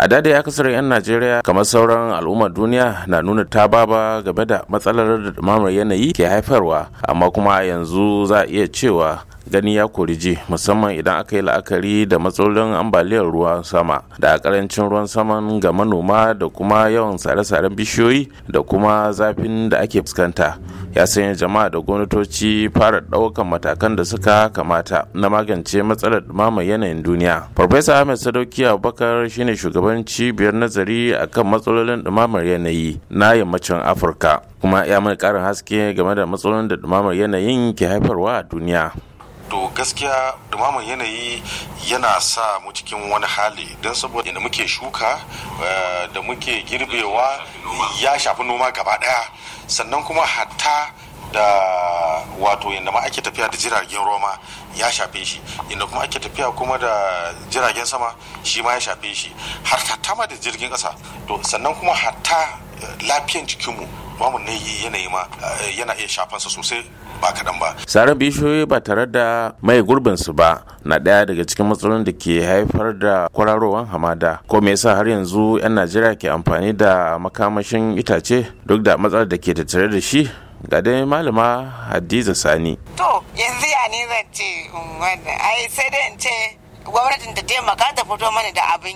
a dade kasar 'yan najeriya kamar sauran al'ummar duniya na nuna tababa game da matsalar da dumamar yanayi ke haifarwa amma kuma yanzu za a iya cewa gani ya koriji musamman idan aka yi la'akari da matsalolin ambaliyar ruwan sama da karancin ruwan saman ga manoma da kuma yawan sare-saren bishiyoyi da kuma zafin da ake fuskanta ya sanya jama'a da gwamnatoci fara ɗaukan matakan da suka kamata na magance matsalar dumamar yanayin duniya farfesa ahmed sadauki abubakar shine shugaban cibiyar nazari akan matsalolin ɗumamar yanayi na yammacin afirka kuma ya mai karin haske game da matsalolin da dumamar yanayin ke haifarwa a duniya to gaskiya ɗumamar yanayi yana sa mu cikin wani hali don saboda da muke shuka eh, da muke girbewa ya shafi noma gaba daya sannan kuma hatta da wato yadda ma ake tafiya da jiragen roma ya shafe shi inda kuma ake tafiya kuma da jiragen sama shi ma ya shafe shi har hatta ma da jirgin ƙasa to sannan kuma hatta eh, lafiyan jikinmu mamun ne yanayi ma eh, yana iya shafansa sosai ba kaɗan ba. tsarin bishiyoyi ba tare da mai gurbin su ba na ɗaya daga cikin matsalolin da ke haifar da kwararowar hamada. Ko me yasa har yanzu 'yan Najeriya ke amfani da makamashin itace duk da matsalar da ke tattare da shi? ga dai malama hadiza sani to yanzu ya ne zan ce mm, wanda ai sai dai in ce gwamnatin ta taimaka ta fito mana da abin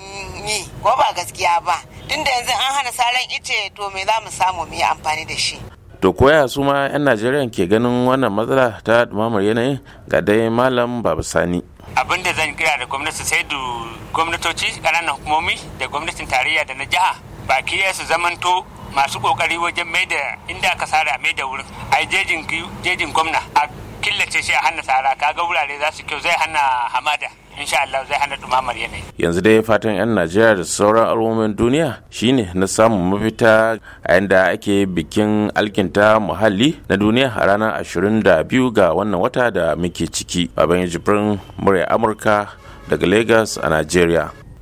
yi ko ba gaskiya ba tunda yanzu an hana saran ice to me za mu samu mu yi amfani da shi to koya su ma 'yan najeriya ke ganin wannan matsala ta dumamar yanayin ga dai malam babasani abin da zan kira da gwamnati sai da gwamnatoci kananan hukumomi da gwamnatin tarayya da na jiha baki su zamanto masu kokari wajen mai da inda aka sara mai da wurin a jejin gwamna a killace shi a hana sara kaga wurare za su kyau zai hana hamada insha Allah zai hana dumamar yanayi yanzu dai fatan yan Najeriya da sauran al'ummomin duniya shine na samun mafita a yadda ake bikin alkinta muhalli na duniya a ranar 22 ga wannan wata da muke ciki babban jibrin murya Amurka daga Lagos a Najeriya